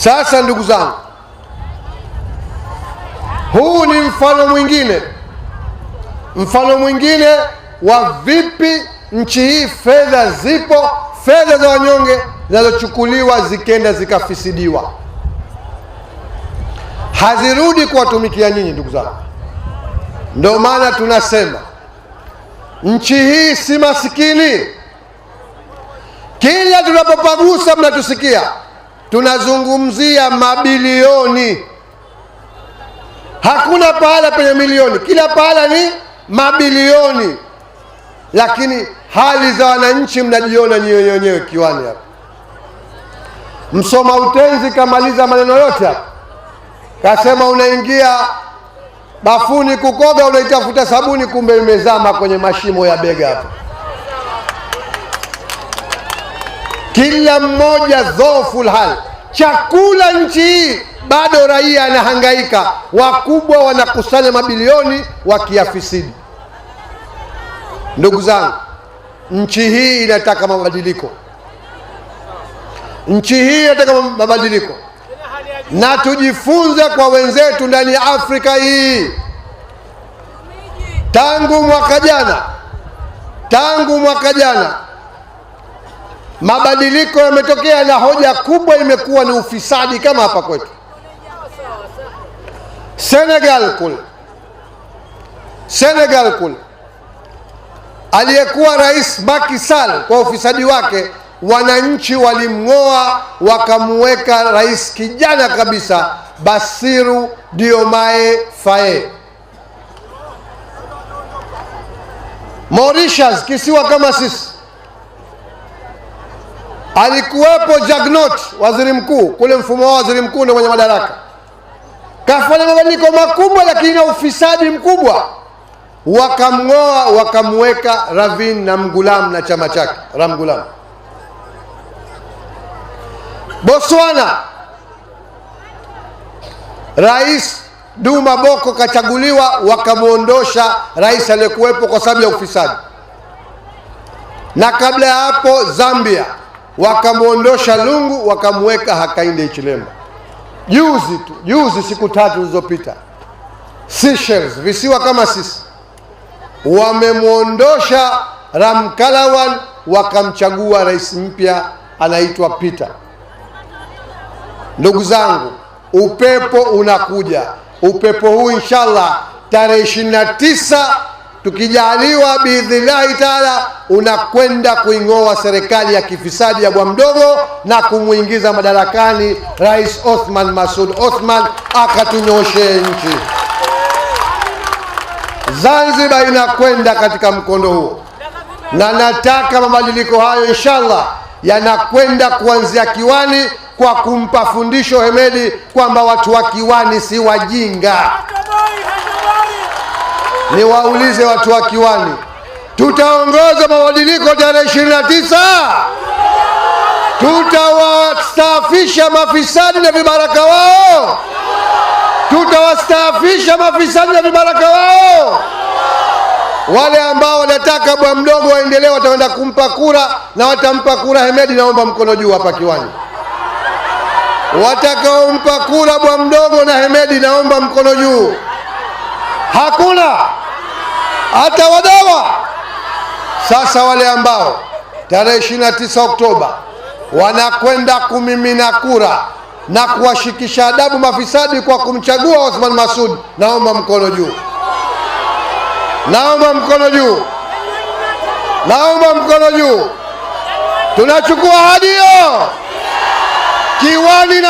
Sasa ndugu zangu, huu ni mfano mwingine, mfano mwingine wa vipi nchi hii fedha zipo, fedha za wanyonge zinazochukuliwa zikenda zikafisidiwa, hazirudi kuwatumikia nyinyi ndugu zangu. Ndio maana tunasema nchi hii si masikini, kila tunapopagusa mnatusikia tunazungumzia mabilioni, hakuna pahala penye milioni, kila pahala ni mabilioni. Lakini hali za wananchi mnajiona nyiwe wenyewe kiwani hapa. Msoma utenzi kamaliza maneno yote hapa, kasema unaingia bafuni kukoga, unaitafuta sabuni, kumbe imezama kwenye mashimo ya bega hapa. kila mmoja dhoful hal chakula nchi hii bado raia anahangaika, wakubwa wanakusanya mabilioni wakiafisidi Ndugu zangu, nchi hii inataka mabadiliko, nchi hii inataka mabadiliko, na tujifunze kwa wenzetu ndani ya Afrika hii. Tangu mwaka jana, tangu mwaka jana Mabadiliko yametokea na hoja kubwa imekuwa ni ufisadi, kama hapa kwetu Senegal kule. Senegal kule aliyekuwa rais Macky Sall kwa ufisadi wake, wananchi walimng'oa wakamweka rais kijana kabisa Basiru Diomaye Faye. Mauritius, kisiwa kama sisi alikuwepo Jagnot waziri mkuu kule, mfumo wa waziri mkuu ndio mwenye madaraka, kafanya mabadiliko makubwa, lakini na ufisadi mkubwa. Wakamng'oa, wakamweka Ravin na Mgulam na chama chake Ramgulam. Botswana, rais Duma Boko kachaguliwa, wakamwondosha rais aliyekuwepo kwa sababu ya ufisadi. Na kabla ya hapo Zambia wakamwondosha Lungu wakamweka Hakainde ichilemba Juzi tu juzi, siku tatu zilizopita, Seychelles, visiwa kama sisi, wamemwondosha Ramkalawan wakamchagua rais mpya anaitwa Peter. Ndugu zangu, upepo unakuja. Upepo huu inshallah tarehe 29 tukijaliwa biidhnillahi taala unakwenda kuing'oa serikali ya kifisadi ya bwa mdogo na kumwingiza madarakani Rais Othman Masud Othman akatunyoshe nchi. Zanzibar inakwenda katika mkondo huo, na nataka mabadiliko hayo inshallah yanakwenda kuanzia kiwani kwa kumpa fundisho Hemedi kwamba watu wa kiwani si wajinga. Niwaulize watu wa kiwani Tutaongoza mabadiliko tarehe 29 na tisa. Tutawastaafisha mafisadi na vibaraka wao, tutawastaafisha mafisadi na vibaraka wao. Wale ambao wanataka bwa mdogo waendelee wataenda kumpa kura na watampa kura Hemedi, naomba mkono juu hapa kiwani. Watakaompa kura bwa mdogo na Hemedi, naomba mkono juu. Hakuna hata wadawa sasa wale ambao tarehe 29 Oktoba wanakwenda kumimina kura na kuwashikisha adabu mafisadi kwa kumchagua Othman Masud, naomba mkono juu, naomba mkono juu, naomba mkono juu. Tunachukua hadi hiyo kiwani na